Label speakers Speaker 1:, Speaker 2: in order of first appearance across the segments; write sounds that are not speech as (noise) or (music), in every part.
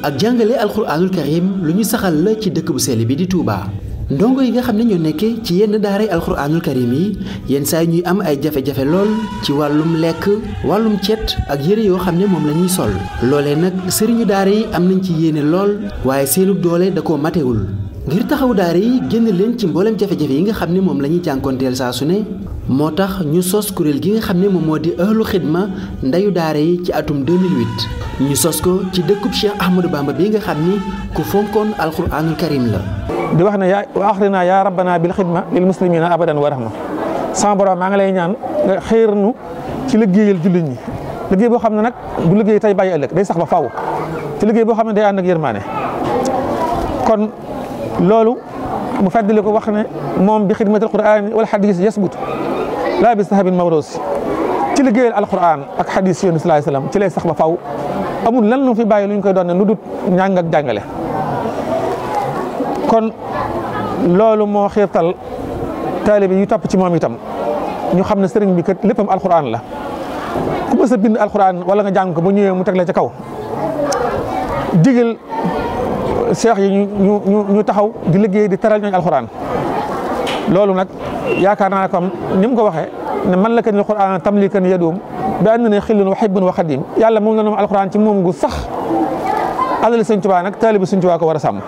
Speaker 1: ak jàngale alxuraanul karim lu ñu saxal la ci dëkk bu sell bi di Touba. ndongo yi nga xam ne ñoo nekke ci yenn daaray alxuraanul karim yi yenn saa yi ñuy am ay jafe-jafe lool ci wàllum lekk wàllum cet ak yëre yoo xam ne moom la ñuy sol loolee nag sëriñu daara yi am nañ ci yéene lool waaye seenu doole da koo matewul ngir taxaw daara yi génn leen ci mboolem jafe-jafe yi nga xam ne moom la ñuy jànkoonteel saa su ne moo tax ñu sos kuréel gi nga xam ne moom moo di ëhlu xidma ndayu daara yi ci atum
Speaker 2: 2008 ñu sos ko ci dëkkub Cheikh Ahmadou Bamba bi nga xam ni ku fonkoon alquraanul karim la di wax ne yaa axrina yaa rabbana bil xidma lil muslimina abadan wa rahma sama borom maa ngi lay ñaan nga nu ci liggéeyal jullit ñi liggéey boo xam ne nag bu liggéey tey bàyyi ëllëg day sax ba faaw te liggéey boo xam ne day ànd ak yërmaane kon loolu mu fàttali ko wax ne moom bi xidmatul quraan wal xadiis yasbut laa bi sahabin mawroos ci liggéeyal alquran ak xadis yoonu salaay ci lay sax ba faw amul lan lu fi bàyyi lu ñu koy doon ne lu dut ñàng jàngale kon loolu moo xiirtal taalibe yu topp ci moom itam ñu xam ne sëriñ bi kat léppam alquran la ku mës a bind alquran wala nga jàng ko bu ñëwee mu teg la ca kaw digal seex yi ñu ñu ñu taxaw di liggéey di taral ñooñ alquran loolu nag yaakaar naa comme ni mu ko waxee ne man la kan al ya tamlikan yadum bi ànd na xillun wa xibbun wa xadim yàlla moom la noom alquran ci moom gu sax alal sëñ tubaa nag taalib sëñ tubaa ko war a sàmm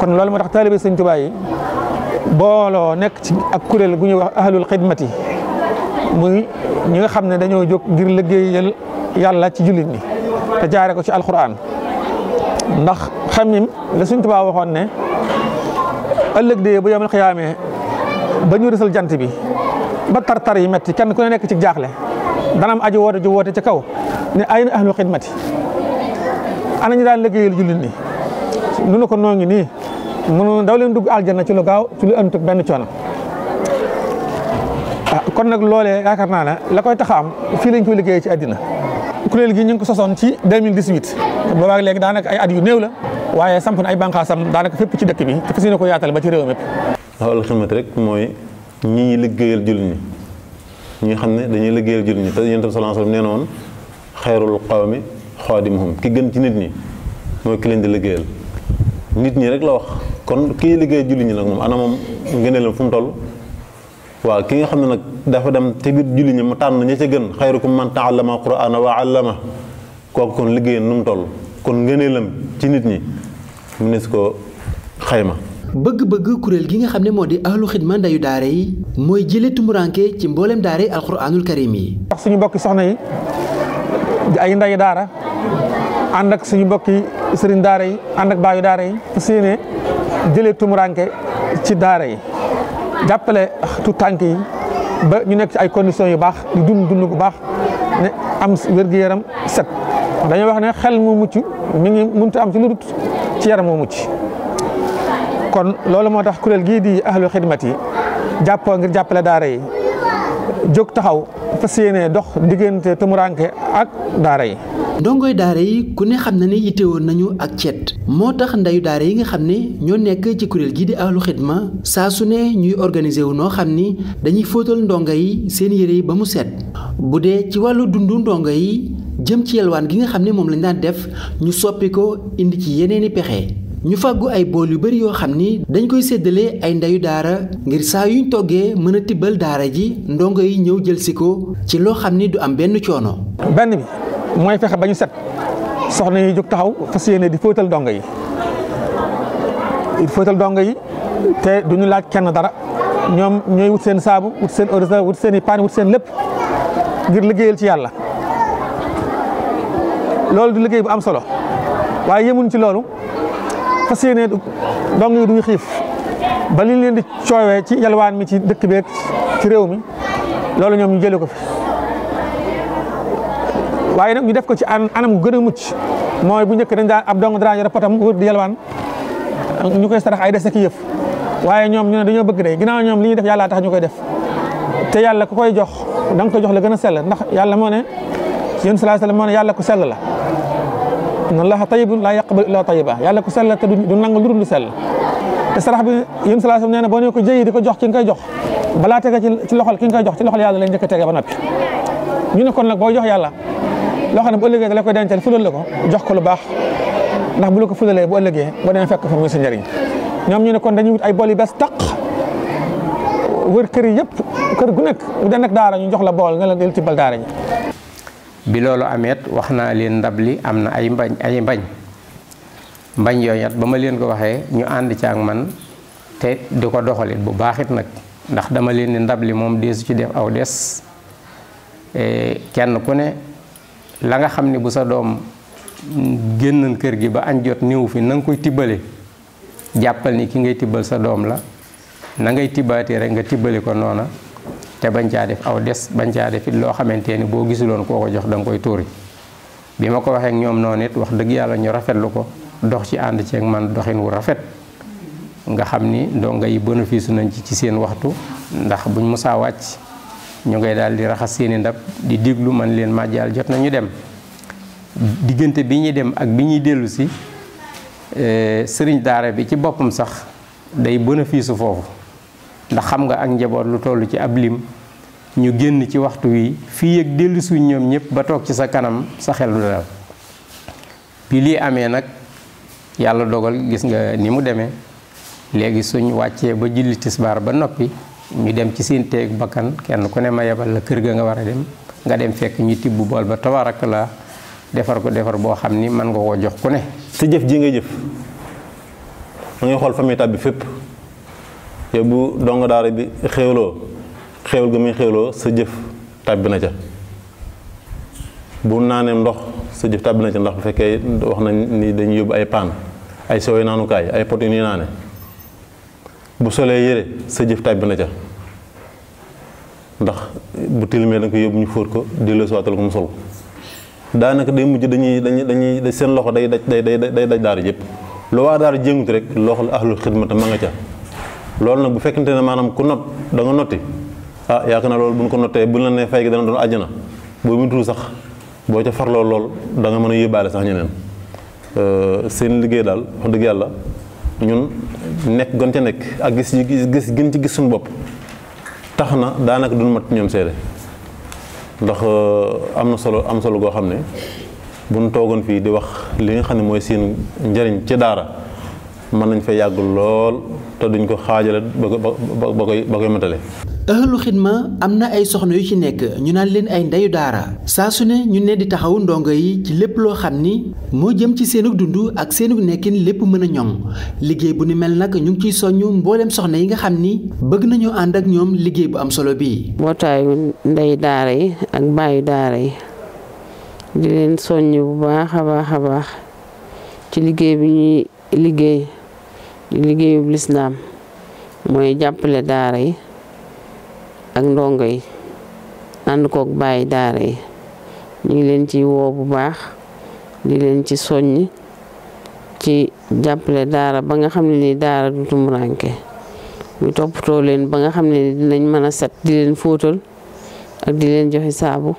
Speaker 2: kon loolu moo tax taalibi sëñ tubaa yi booloo nekk ci ak kuréel gu ñuy wax ahlul xidmati muy ñi nga xam ne dañoo jóg ngir liggéeyal yàlla ci jullit ñi te jaare ko ci alquran ndax xamim la sëñ tubaa waxoon ne ëllëg de bu yamal xiyaamee ba ñu rësal jant bi ba tar-tar yi metti kenn ku ne nekk ci jaaxle dana am aji woote ju woote ci kaw ne ay na ahlu xidmati ana ñu daan liggéeyal jullit ni nu ne ko noo ngi nii munu daw leen dugg aljanna ci lu gaaw ci lu ëntug benn coono ah, kon nag loolee yaakaar naa ne la koy tax a am fii lañ koy liggéeyee ci àddina kuréel gi ñu ngi ko sosoon ci 2018 boobaag léegi daanaka ay yu néew la waaye samp na ay bànqaasam daanaka fépp ci dëkk bi te fas yéene ba ci réew
Speaker 3: taxawal xidmat rek mooy ñi ñi liggéeyal jullit ñi ñi xam ne dañuy liggéeyal jullit ñi te yonent bi sallallahu alayhi wasallam nee na woon xayrul qawmi xaadimuhum ki gën ci nit ñi ki leen di liggéeyal nit ñi rek la wax kon kii liggéeyal jullit ñi nag moom ana moom ngëneelam fu mu toll waaw ki nga xam ne nag dafa dem te biir jullit mu tànn ña ca gën xayrukum man ta'allama wa 'allama kooku kon liggéeyam mu toll kon ngëneelam ci nit ñi mu ne su ko xayma
Speaker 1: bëgg-bëgg kuréel gi nga xam ne moo di ahlu xidma ndayu daara yi mooy jële
Speaker 2: tumuranke ci mboolem daara yi alxuraanul karim yi ndax suñu mbokki soxna yi ay ndayu daara ànd ak suñu mbokki sëriñ daara yi ànd ak baayu daara yi jëlee tumuranke ci daara yi jàppale tu tànk yi ba ñu nekk ci ay conditions yu baax di dund dund bu baax ne am wér-gu-yaram set dañuy wax ne xel mu mucc mu ngi mënut am ci lu dul ci yaram moo mucc kon loolu moo tax kuréel gii di ahlu xidmat yi jàppoo ngir jàppale daara yi jóg taxaw fas yéene dox diggante tumuranke ak daara yi.
Speaker 1: ndongoy daara yi ku ne xam na ne yittewoon nañu ak cet moo tax ndeyu daara yi nga xam ne ñoo nekk ci kuréel gii di ahlu xidma saa su ne ñuy organiser wu noo xam ni dañuy fóotal ndongo yi seen yére yi ba mu set bu dee ci wàllu dund ndongo yi jëm ci yelwaan gi nga xam ne moom lañ daan def ñu soppi ko indi ci yeneeni pexe. ñu fàggu ay bool yu bari yoo xam ni dañ koy séddale ay ndeyu daara ngir saa yuñ toggee mën a tibbal daara ji ndongo yi ñëw jël si ci loo xam ni du am benn coono. benn bi mooy
Speaker 2: fexe ba ñu set soxna yi jóg taxaw fas yéene di fóotal ndongo yi di fóotal ndongo yi te duñu laaj kenn dara ñoom ñooy wut seen saabu wut seen ordinateur wut seen i paan seen lépp ngir liggéeyal ci yàlla loolu du liggéey bu am solo waaye yemuñ ci loolu. fas yéene dong yi duñu xiif ba li leen di coowee ci yalwaan mi ci dëkk beeg ci réew mi loolu ñoom ñu jëlee ko fi waaye nag ñu def ko ci anam gu gën a mucc mooy bu njëkk dañ daan ab dong dara yore potam wër di yalwaan ñu koy sarax ay des ak yëf waaye ñoom ñu ne dañoo bëgg day ginnaaw ñoom li ñuy def yàlla tax ñu koy def te yàlla ku koy jox da nga jox la gën a sell ndax yàlla moo ne yéen sallallahu alayhi wasallam moo yàlla ku sell la inna allaha tayyibun laa yaqbalu illa tayyiba yàlla ku sell te du nangu lu dul lu sell te sarax bi yéen salaa sam nee boo ko jëyi di ko jox ki nga koy jox balaa tege ci loxol ki nga koy jox ci loxol yàlla lañ njëkk a ba noppi ñu ne kon nag boo jox yàlla loo xam ne bu ëllëgee da la koy dencal fulal la ko jox ko lu baax ndax bu la ko fulalee bu ëllëgee boo demee fekk fa muy sa ñoom ñu ne kon dañuy wut bool yu bees taq wër kër yi yëpp kër gu nekk bu dee nag daara ñu jox la bool nga la del tibbal daara ñi
Speaker 4: bi loolu ameet wax naa leen ndab li am na ay mbañ ay mbañ mbañ yooyu at ba ma leen ko waxee ñu ànd ci ak man te di ko doxalit bu baaxit nag ndax dama leen ni ndab li moom su ci def aw des e, kenn ku ne la nga xam ni bu sa doom génnan kër gi ba añ jot néew fii nanga koy tibbale jàppal ni ki ngay tibbal sa doom la na ngay tibbaatee rek nga tibbali ko noona te bañ caa def aw des bañ caa def loo xamante ni boo gisuloon koo ko jox da nga koy tuuri bi ma ko waxee ñoom noonu it wax dëgg yàlla ñu rafetlu ko dox ci ànd ceeg man doxin wu rafet nga xam ni ndongo yi bénéfice nañ ci ci seen waxtu ndax buñ musaa wàcc ñu ngay daal di raxas seeni ndab di déglu man leen màjjaal jot nañu dem diggante bi ñuy dem ak bi ñuy dellu si eh, sëriñ daara bi ci boppam sax day bénéfice foofu ndax xam nga ak njaboot lu toll ci ab lim ñu génn ci waxtu wi fii ak dellu ñoom ñëpp ba toog ci sa kanam sa xel du dal bi lii amee nag yàlla dogal gis nga ni mu demee léegi suñ wàccee ba julli tisbaar ba noppi ñu dem ci seen teeg bakkan kenn ku ne ma yebal la kër gaa nga war a dem nga dem fekk ñu tibb bool ba tabarak la
Speaker 3: defar ko defar boo xam ni mën nga koo jox ku ne. sa jëf ji nga jëf ma ngi xool famille bi fépp. yow bu dongo daara bi xewloo xéwal gu muy xéwloo sa jëf tàbbi na ca bu naanee ndox sa jëf tàbbi na ca ndax bu fekkee wax nañ ni dañuy yóbbu ay paan ay sooy naanukaay ay pot yu ñuy bu solee yére sa jëf na ca ndax bu tilimee da ñu fóot ko delloo si waatal ko mu sol daanaka day mujj dañuy dañuy dañuy seen loxo day daj day day day daj daara yëpp lu waa daara jéngut rek loxol ahlul xidmata a nga ca loolu nag bu fekkente ne maanaam ku not da nga notti ah yaakaar na loolu bu ñu ko nottee bu la nee fay gi dana doon àjjana boo mutul sax boo ca farloo lool da nga mën a yóbbaale sax ñeneen euh, seen liggéey daal wax dëgg yàlla ñun nekk gën ca nekk ak gis gis gën ci gis suñu bopp tax na daanaka duñ mat ñoom seede ndax euh, am na solo am solo goo xam ne buñ toogoon fii di wax li nga xam ne mooy seen njariñ ci daara mën nañ fa yàgg lool te duñ ko xaajale ba ba ba koy ba koy matale.
Speaker 1: xidma am na ay soxna yu ci nekk ñu naan leen ay ndeyu daara saa su ne ñu ne di taxawu ndongo yi ci lépp loo xam ni moo jëm ci seenug dund ak seenug nekkin lépp mën a ñoŋ liggéey bu ni mel nag ñu ngi ciy soññ mbooleem soxna yi nga xam ni bëgg nañu ànd ak ñoom liggéey bu am solo bii.
Speaker 5: mbootaayu ndeyu daara yi ak baayu daara yi di leen soññ bu baax a baax a baax ci liggéey bi liggéey. di liggéeyub lislaam mooy jàppale daara yi ak ndongo yi ànd koog bàyyi daara yi ñu ngi leen ci woo bu baax di leen ci soññi ci jàppale daara ba nga xam ne ni daara du tumuraanke mu toppatoo leen ba nga xam ne ni dinañ mën a set di leen fóotal ak di leen joxe saabu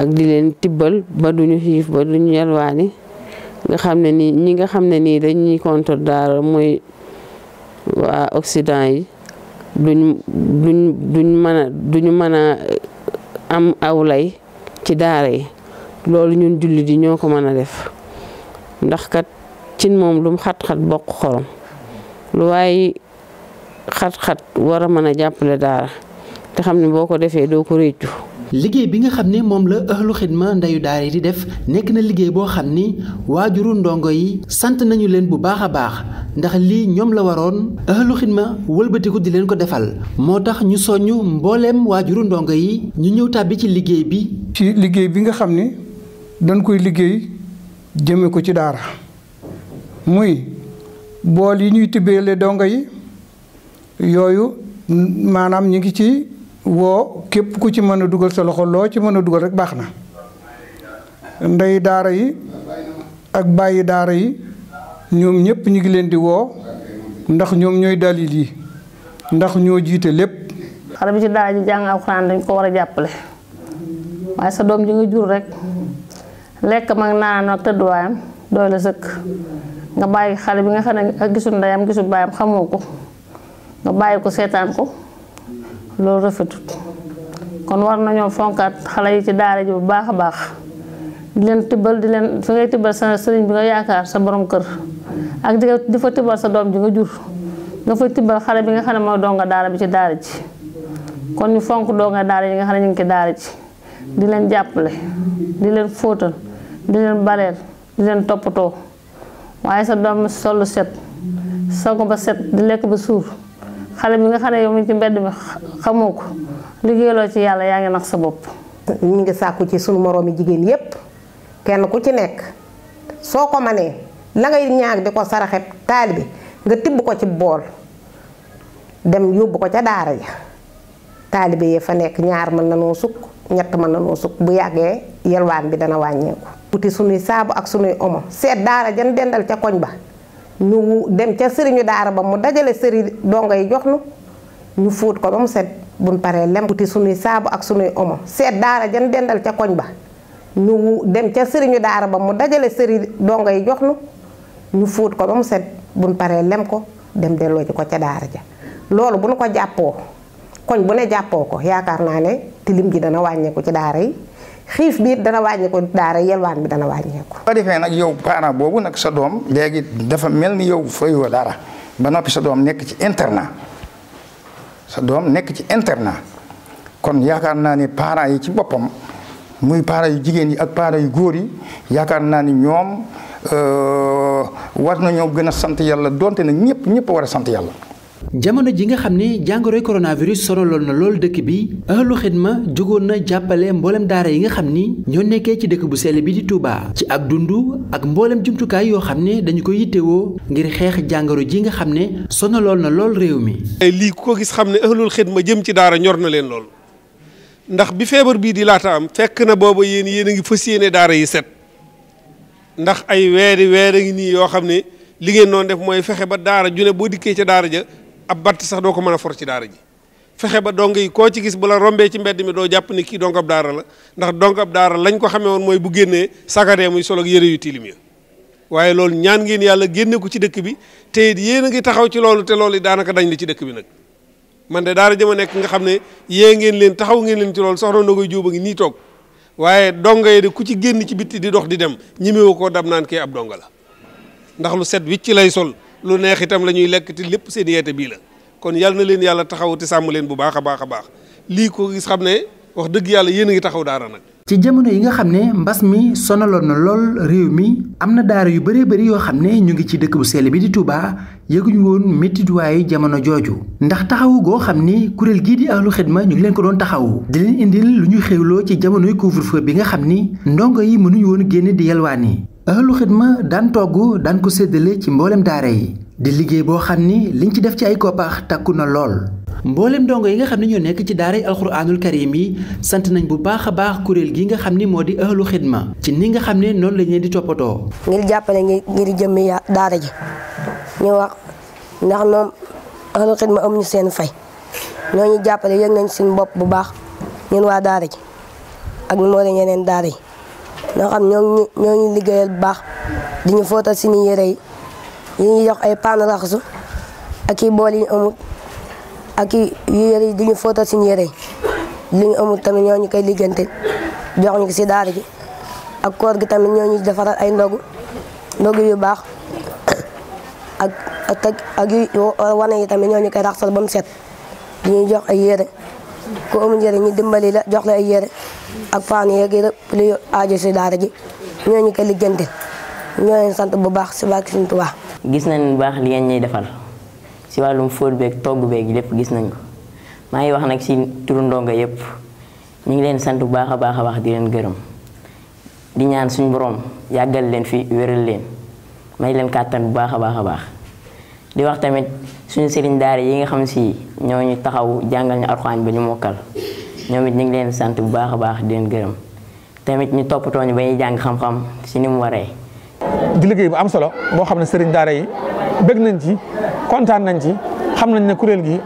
Speaker 5: ak di leen tibbal ba duñu xiif ba duñu yalwaani nga xam ne nii ñi nga xam ne nii dañ contre daara mooy waa Occident yi duñ duñ duñ mën a duñu mën a am awlay ci daara yi loolu ñun jullit yi ñoo ko mën a def ndax kat cin moom lum xat-xat bokk xorom lu waaye xat-xat war a mën a jàppale daara
Speaker 1: te xam ne boo ko defee doo ko réccu liggéey bi nga xam ne moom la ëxlu xidma ndeyu daal yi di def nekk na liggéey boo xam ni waajuru ndongo yi sant nañu leen bu baax a baax ndax lii ñoom la waroon ëxlu xidma wëlbatiku di leen ko defal moo tax ñu soññ mbooleem waajuru ndongo yi ñu ñëw tàbbi ci liggéey bi ci liggéey bi nga xam ni
Speaker 4: dañ koy liggéey jëme ko ci daara muy bool yi ñuy tibbeele dongo yi yooyu maanaam ñu ngi ci woo képp ku ci mën a dugal sa loxo loo ci mën a dugal rek baax na ndey daara yi ak bàyyi daara yi ñoom ñëpp ñu ngi leen di woo ndax ñoom ñooy dalil yi ndax ñoo jiite lépp. xale
Speaker 5: bi ci daara ji jàng alxuraan dañ ko war a jàppale waaye sa doom ji nga jur rek lekk mag naan ak tëdduwaayam doy la sëkk nga bàyyi xale bi nga xam ne gisul ndeyam gisul baayam xamoo ko nga bàyyi ko seetaan ko. loolu rafetut kon war nañoo fonkaat xale yi ci daara ji bu baax a baax di leen tibbal di leen fi ngay tibbal sa sëriñ bi nga yaakaar sa borom kër ak di di fa tibbal sa doom ji nga jur nga fa tibbal xale bi nga xam ne mooy donga daara bi ci daara ji kon ñu fonk donga daara yi nga xam ne ñu ngi ci daara ji di leen jàppale di leen fóotal di leen baleel di leen toppatoo waaye sa doom sol set sangu ba set di lekk ba suur xale bi nga xam ne yow mi ci mbedd mi xamoo ko liggéeyloo ci yàlla yaa ngi nax sa bopp. ñu ngi sàkku ci suñu moroomi jigéen yépp kenn ku ci nekk soo ko manee la ngay ñaag di ko saraxe taal bi nga tibb ko ci bool dem yóbbu ko ca daara ja taalibe yi fa nekk ñaar mën na noo sukk ñett mën na noo sukk bu yàggee yelwaan bi dana wàññeeku. wuti suñuy saabu ak sunuy omo seet daara jan dendal ca koñ ba. ñu dem ca sëriñu daara ba mu dajale sëri dongo yi jox nu ñu fóot ko ba mu set buñ paree lem wuti sunuy saabu ak sunuy omo seet daara jan dendal ca koñ ba ñu dem ca sëriñu daara ba mu dajale sëri dongo yi jox nu ñu fóot ko ba mu set paree lem ko dem delloo ji ko ca daara ja loolu bu nu ko jàppoo koñ bu ne jàppoo ko yaakaar naa ne tilim ji dana wàññeeku ci daara yi xiif biir dana wàññeeku daara yelwaan bi dana wàññeeku.
Speaker 4: ba defee nag yow parent boobu nag sa doom léegi dafa mel ni yow fay wa dara ba noppi sa doom nekk ci internat sa doom nekk ci internat kon yaakaar naa ne parents yi ci boppam muy parents yu jigéen yi ak parents yu góor yi yaakaar naa ni ñoom euh, war nañoo gën a sant yàlla donte nag ñëpp ñëpp war a sant yàlla. jamono ji nga xam ne jàngoroy
Speaker 1: coronavirus sonaloon na lool dëkk bi ahlu xidma jógoon na jàppale mboolem daara yi nga xam ni ñoo nekkee ci dëkk bu sell bi di Touba ci ak dund ak mboolem jumtukaay yoo xam ne dañu ko yittewoo ngir xeex
Speaker 2: jàngoro ji nga xam ne sonaloon na lool réew mi. lii ku ko gis xam ne ahlul xidma jëm ci daara ñor na leen lool ndax bi feebar bii di laata am fekk na boobu yéen yéen a ngi fas yéene daara yi set ndax ay weeri weer a ngi nii yoo xam ne li ngeen doon def mooy fexe ba daara ju boo dikkee ca daara ja ab batt sax doo ko mën a for ci daara ji fexe ba dong yi koo ci gis bu la rombee ci mbedd mi doo jàpp ni kii dong ab daara la ndax dong ab daara ko xamee woon mooy bu génnee sagadee muy solo ak yu tilim ya waaye loolu ñaan ngeen yàlla génne ko ci dëkk bi te it yéen a ngi taxaw ci loolu te loolu daanaka dañ la ci dëkk bi nag man de daara jëma nekk nga xam ne yée ngeen leen taxaw ngeen leen ci loolu soxna Ndogoy koy a ngi nii toog waaye dong yi de ku ci génn ci bitti di dox di dem ñimewu koo dab naan kee ab donga la ndax lu set wicc lay sol lu neex itam la ñuy lekk te lépp seen yeete bii la kon yàlla na leen yàlla taxaw te sàmm leen bu baax a baax a baax lii ko gis xam ne wax dëgg yàlla yéen a ngi taxaw daara nag.
Speaker 1: ci jamono yi nga xam ne mbas mi sonaloon na lool réew mi am na daara yu bëree bëri yoo xam ne ñu ngi ci dëkk bu sell bi di Touba yëguñu woon méttituwaay jamono jooju ndax taxawu goo xam ni kuréel gii di ahlu xidma ñu ngi leen ko doon taxawu di leen indil lu ñuy xéwloo ci jamonoy couvre-feu bi nga xam ni ndongo yi mënuñu woon génn di yalwaan yi Ahlu Xidma daan togg daan ko séddale ci mboolem daara yi di liggéey boo xam ni liñ ci def ci ay koppaax takku na lool mboolem dongo yi nga xam ne ñoo nekk ci daaray alxuraanul karim yi sant nañ bu baax baax kuréel gi nga xam ni moo di ahlu xidma ci ni nga xam ne noonu lañ leen di toppatoo.
Speaker 5: ngir jàppale ngir jëmm jëmmi daara ji ñu wax ndax moom ahlu xidma amuñu seen fay ñoo ñu jàppale yëg nañ suñu bopp bu baax ñun waa daara ji ak moo yeneen daara yi. ñoo xam ñoo ñoo ñu liggéeyal bu baax di ñu si ni yére yi yi ñu jox ay paan raxasu ak i bool yi ñu amut ak i yére yi di ñu si suñu yére yi li ñu amut tamit ñoo ñu koy liggéeyante jox ñu ko si daara gi ak koor gi tamit ñoo ñu defaral ay ndogu ndogu yu baax (coughs) ak ak wane yi tamit ñoo ñu koy raxasal bam set di ñu jox ay yére. ku amul njëriñ ñu dimbali la jox la ay yére ak paan yeeg yëpp lu aajo si daara ji ñooñu ko lijjanti ñoo leen sant bu baax si barke Sëriñ Tuubaa gis nañ bu baax li ngeen ñuy defal si wàllum fóot beeg togg beeg lépp gis nañ ko maa ngi wax nag si turu ndongo yëpp ñu ngi leen sant bu baax a baax a baax di leen gërëm di ñaan suñu borom yàggal leen fi wéral leen may leen kàttan bu baax a baax a baax. di wax tamit suñu sëriñ daara yi nga xam si ñoo ñu taxaw jàngal ñu alxuraan ba ñu mokkal ñoom it ñu ngi leen sant bu baax a baax di leen gërëm tamit ñu toppatoo ñu ba ñuy jàng
Speaker 2: xam-xam si ni mu waree. di liggéey bu am solo boo xam ne sëriñ daara yi bëgg nañ ci kontaan nañ ci xam nañ ne kuréel gi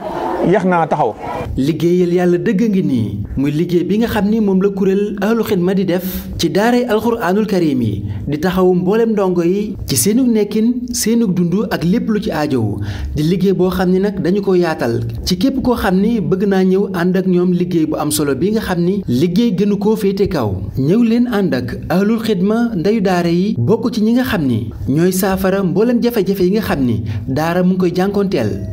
Speaker 2: yéex naa taxaw. liggéeyal
Speaker 1: yàlla dëgg a ngi nii muy liggéey bi nga xam ni moom la kuréel ahlu xidma di def ci daaray alxuraanul karim yi di taxawu mboolem ndongo yi ci seenug nekkin seenug dund ak lépp lu ci aajowu di liggéey boo xam ni nag dañu ko yaatal ci képp koo xam ni bëgg naa ñëw ànd ak ñoom liggéey bu am solo bi nga xam ni liggéey gënu koo féete kaw ñëw leen ànd ak ahlul xidma ndeyu daara yi bokk ci ñi nga xam ni ñooy saafara mboolem jafe-jafe yi nga xam ni daara mu ngi koy jànkoonteel